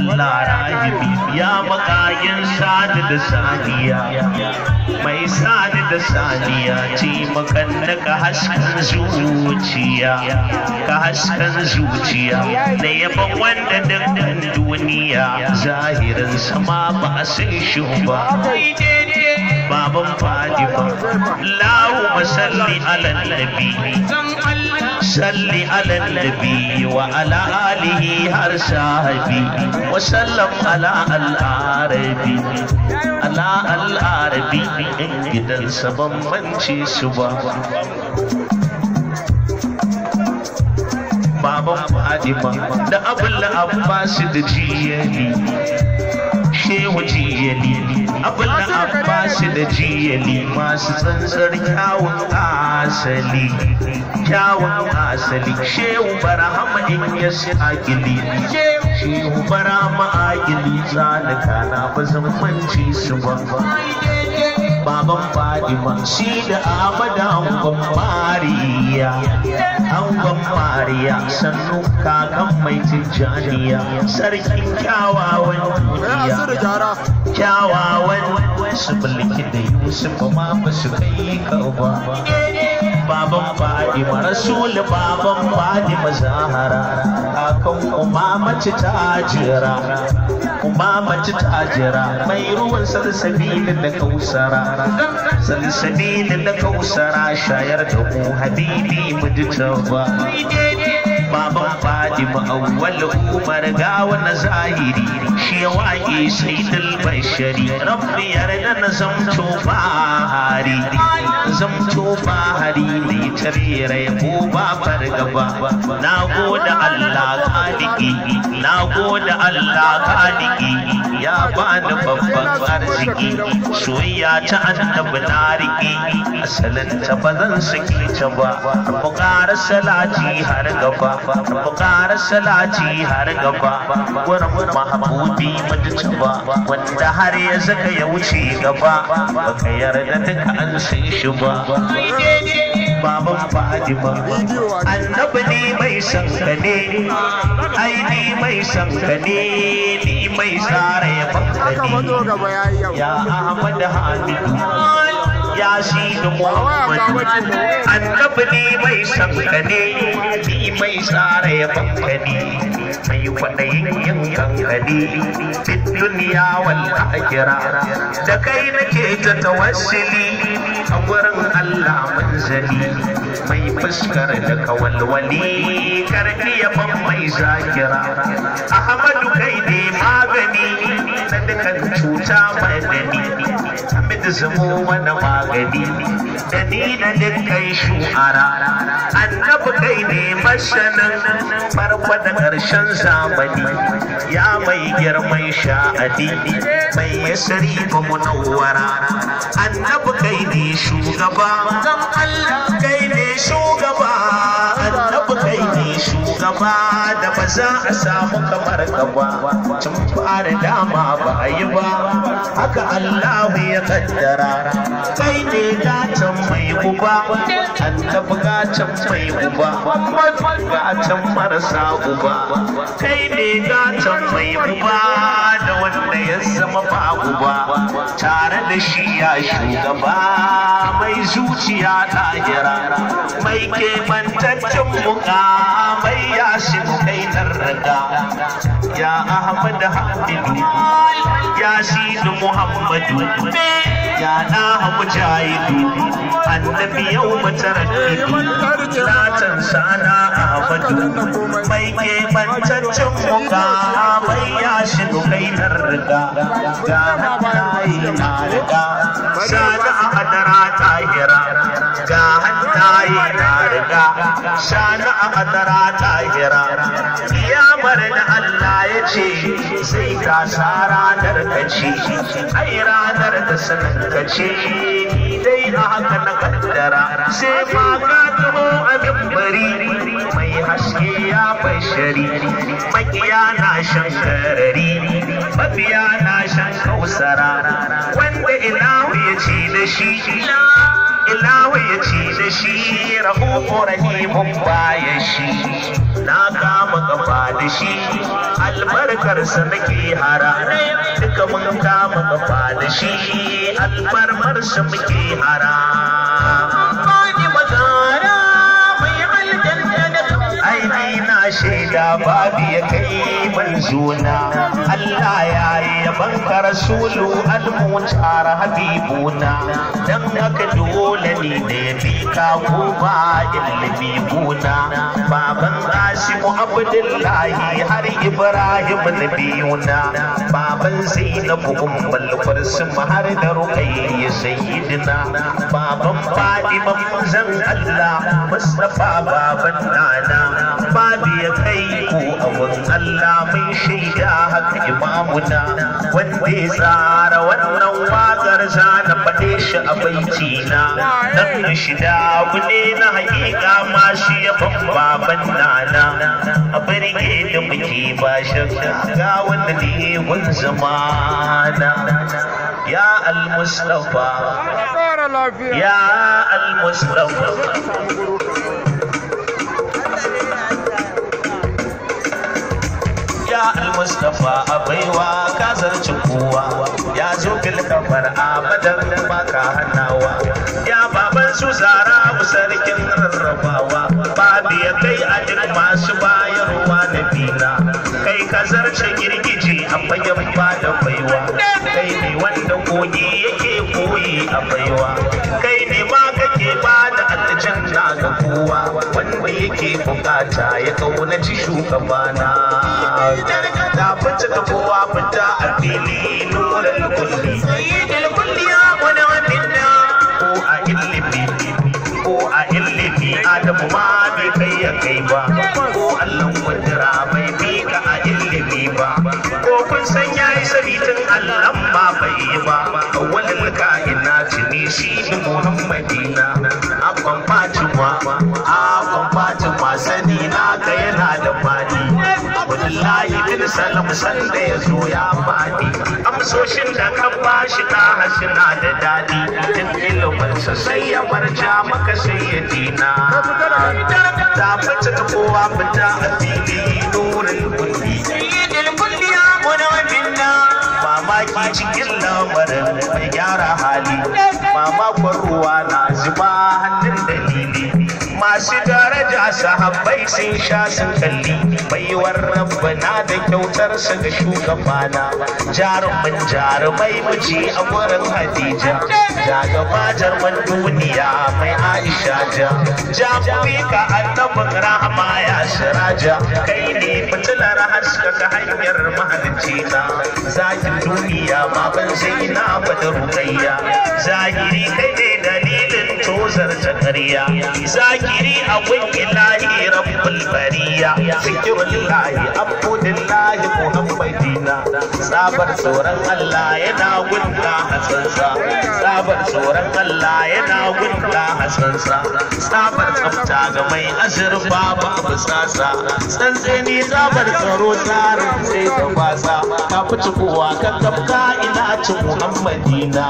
Allah ya bakayin sadi da saniya mai sadi da saniya ce makan ka haskan zuciya ka haskan zuciya da yaban wanda dandan duniya zahirin sama ba san shi ba baban fadi ba lahu masalli ala nabi salli ala nabi wa ala alihi har shafi wa sallam ala al'arabi ala al'arabi yan gidan saban manci su ba baban fadi da abu la'abba su da jiyani shehu jiyali abinda an ba shi da jiyali masu tsantsar kyawun asali kyawun asali shehu barahama in ya sakili shehu bara akili zalika na ba zan manci su ba baban Fadima shi da amada angon Mariya angon Mariya sannu kakan mai tijjaniya sarkin kyawawan duniya eh, kyawawan su mulki da Yusuf ma ba su kai ka ba baban Fadima Rasul baban Fadima Zahara kakan ta jira kuma mace ta jira. mai ruwan sarsabi da kausara da na kausara shayar da ku habibi mu duka ba baban Hadi ma'awwal Umar ga wani zahiri shi waƙi sai dal bashari rabbi yarda na zamto ba hari zamto ba hari ne tarira ya ko ba fargaba na gode Allah kadiki na gode Allah kadiki ya bani babban arziki soyayya ta annabi na riki asalin ta bazan saki ta ba mu salati har gaba mu har salaci har gaba gurin mahabubi mutu ba wanda har ya zaka ya wuce gaba baka yarda duka an san shi ba baban fadima annabi ne mai san ka ne ai ni mai san ne ni mai tsara ya fakka ne ya ahmad hamidu yasin muhammad annabi ne mai sanka ne mai tsara ya ne mai kwaɗayin yin kanka ne duk duniya wal da kai nake ta tawassuli a wurin Allah manzali mai fuskar da kawalwali Karfi ya ban mai zakira ahmadu kai ne magani na dukan cuta madani zamo zumo mana magani da ni da dukkan shu'ara annabi kai ne masanin farko da ƙarshen zamani ya mai girman sha'adi mai sari ba munawwara annabkai kai ne shugaba Allah kai ne shugaba shugaba da ba za a samu kamar gaba tun fara dama ba a yi ba haka Allah ya kaddara kai ne gatan mai guba annabi gacin mai guba Muhammad can marasa guba kai ne gatan mai guba da wanda ya zama ba guba tare da shi ya shugaba mai zuciya ɗahira mai kebantaccen muka mai ya shi kai tarraga ya ahmad hamidu ya shi muhammadu ya na mujahidu annabi yau matarakidu latan sana ahmadu mai kebantaccen muka mai ya shi kai tarraga ga mutane yarda shalif kadara tahira ga hannaye na riga shanu a kadara tahira kiyamar da Allah ya ce sai ka sa ranar ai ranar da sanin a haka na kaddara sai ma ka tumo a mimbari mai haske ya bashari makiya na shan karari mafiya na shan kausara wanda ilahu ya ce da shi ilahu ya ce da shi rahu rahimun baya shi na kama ga da shi sa nake hara duka mun kama kafa da shi sa muke hara Ai ni na shaida babu ya kai zuna Allah ya yi yabanka rasulu almutar habibuna dan haka dole ne da ya fi ka ko ba ilmi buna baban Adamu Abdullahi har Ibrahim na baban Zainabu ummul kulsum har da Ruqayyah sayyidina baban Fatima zan Allah Mustafa baban nana babu ya kai ku abun Allah mai shaida haka imamuna wanda ya tsara wannan wakar zana faɗe shi a baicina nan shida ku ne na haƙiƙa ma shi ya baban nana a birge da muke bashin ga wanda ne mun zamana ya al-mustafa ya al-mustafa mustapha a baiwa ka zarci kowa ya zo bilkafar a madan ka hannawa ya baban su zara sarkin rarrabawa babu ya kai a jin masu bayarwa na bina kai ka zarce girgije a fagen da baiwa kai ne wanda kogi yake koyi a baiwa kai ne ma kake bada na ga kowa nake bukata ya kaunaci shugabana na fice ga kowa fita a fili nuran kulli sayyidul kulli ya wani wafinna ko a ilimi ko a illimi adamu ma bai kai ya kai ba ko allon wajira bai bi ka a ilimi ba ko kun san yi sabitin allah ma bai yi ba ka ina tuni shi muhammadina abban wa sani na ka yana da fadi wallahi bin salam sanda ya zo ya fadi amsoshin da kan bashi ta hasina da dadi din ilimin sa sai ya barja maka sai ya dina ta fita ta kowa fita a fili nurin kundi mamaki cikin lamarin mai gyara hali mama ruwa na zuba hannun dalili masu da sahabbai sun sha sun kalli baiwar rabbana da kyautar su ga shugabana jarumin jarumai muji a wurin hadija ja gaba jarman duniya mai aisha ja ja ka annabin rahama ya shiraja kai ne fitilar haska ka hanyar mahalci na zakin duniya ma ban sai na fadar rukayya zahiri kai ne musar ta ƙarya a akwai lahi rabbul bariya zikirullahi abdullahi sabar tsoron Allah yana gunta hasansa sabar tsoron Allah yana gunta hasansa sabar tsafta ga mai azurfa babu sai ni sabar tsaro tsarin sai ta fasa ka fi cikowa ka tafka ina ci Muhammadina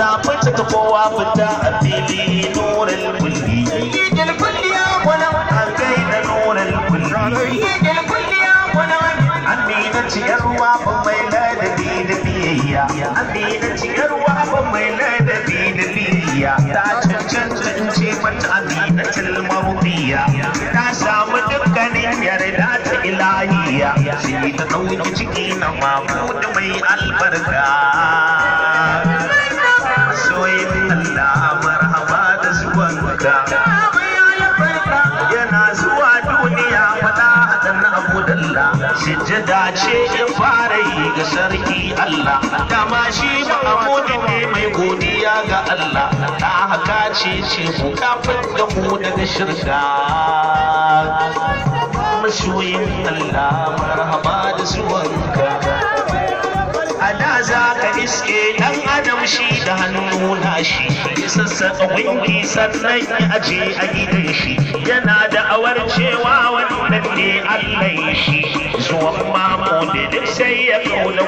ta fi fita a fili nurin kulli. Kulli ya kwanan nurin kulli. ba mai ladabi da biyayya amina ciyarwa ba mai ladabi da biyayya ta cancanta in ce mata amina tilmawiya ta samu dukkanin yarda ta ilahiya shi ta ɗauki ciki na mamu da mai albarka sujjada ce in fara yi ga sarki Allah dama shi Mahmudu ne mai godiya ga Allah ta haka ce ce mu kafin da mu daga shirka masoyin Allah marhaba da zuwanka a da za ka iske dan adam shi da hannu nuna shi sassaƙa gunki sannan ya aje a gidan shi yana da awar cewa wannan ne allah shi zuwan mako da duk sai ya kauna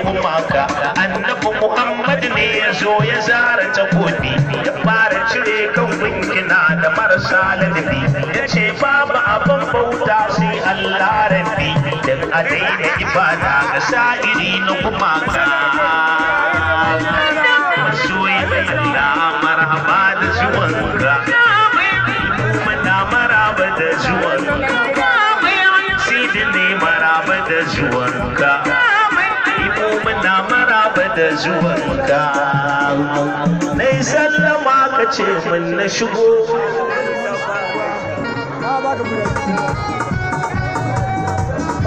ka. annabi muhammad ne ya zo ya zara ta kodi ya fara cire kan gunkina da marasa ladabi ya ce babu abin bauta sai allah a daina ibada ga sha'iri na gumaka masoyi mai Allah marhaba da zuwanka muna maraba da zuwanka sidi ne maraba da zuwanka ibo muna maraba da zuwanka na yi sallama ka ce min na shigo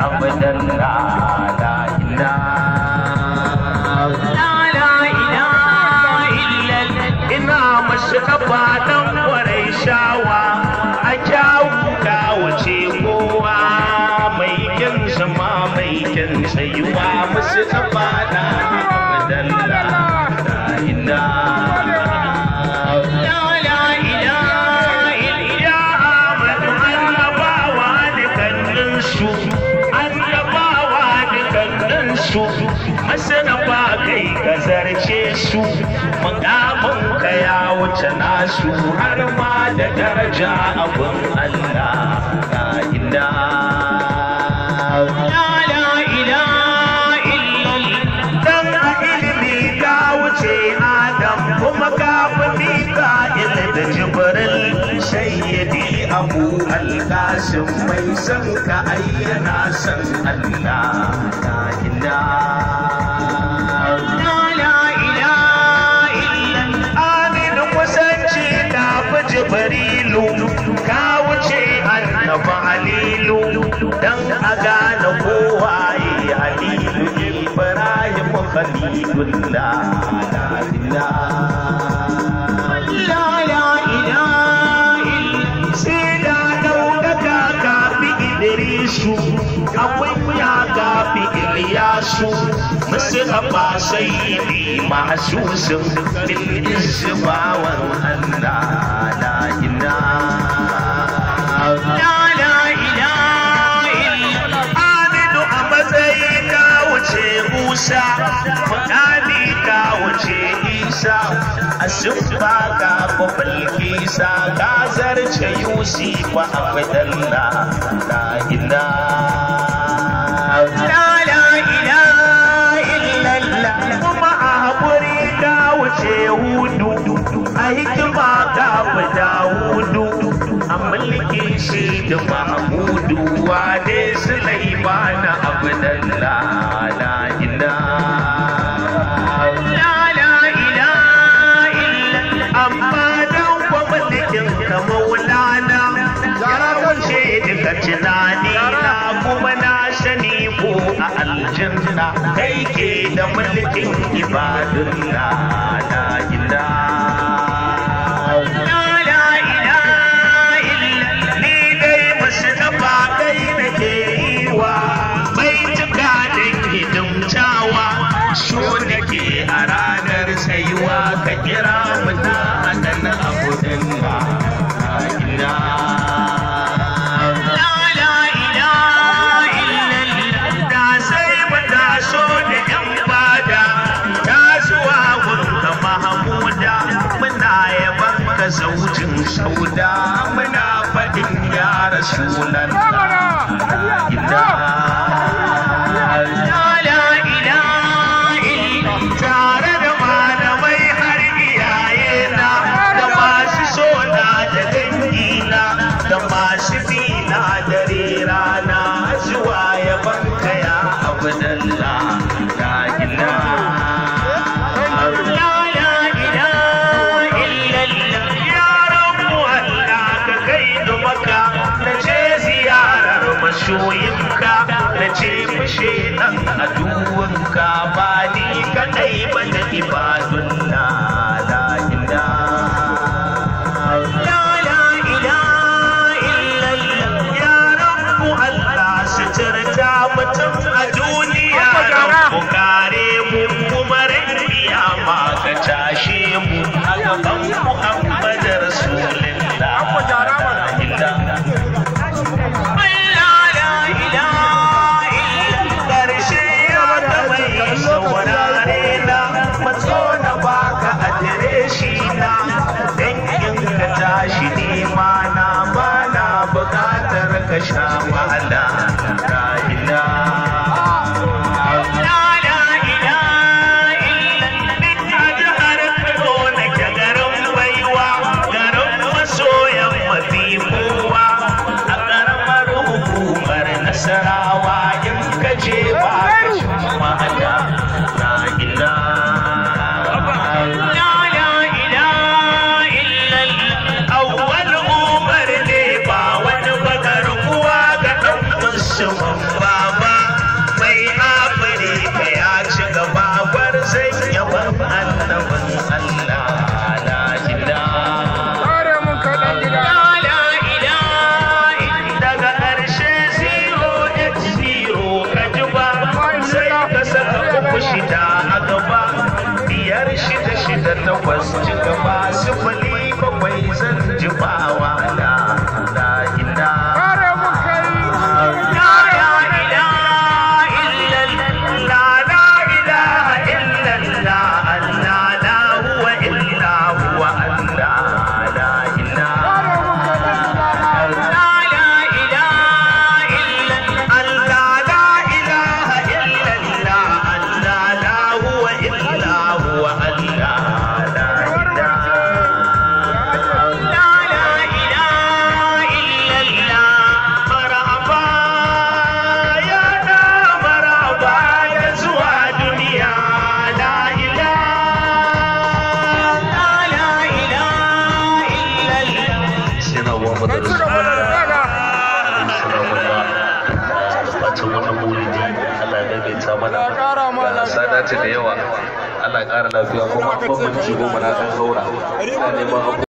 abdanda ka ya wuce nasu har ma da daraja abin Allah la ila la ila illal dan ilimi ka wuce adam kuma ka fi mika da jibril sayyidi abu alkasim mai san ka ayyana san Allah la ila dan a gane kowaye halilu ibrahim khalilullah la la ila sai da daukaka kafi idrisu akwai ya kafi iliyasu masu kafa sai bi mahasusin bin isbawan allah la ila isa mukami ka wuce isa a sumba ka bafalki isa ka zarce yusi wa abdalla la ila la ila illallah kuma a ka hudu a hikima ka fita hudu a mulkin shi da mahmudu wa dai sulaimana abdalla jinjina kai ke da mulkin ibadun na na gida muna yaban ka zaujin sauda muna faɗin ya rasulallah you ce ba shida a gaba biyar shida shida takwas ƙara lafiya kuma ban ban na mana ɗan haura ina neman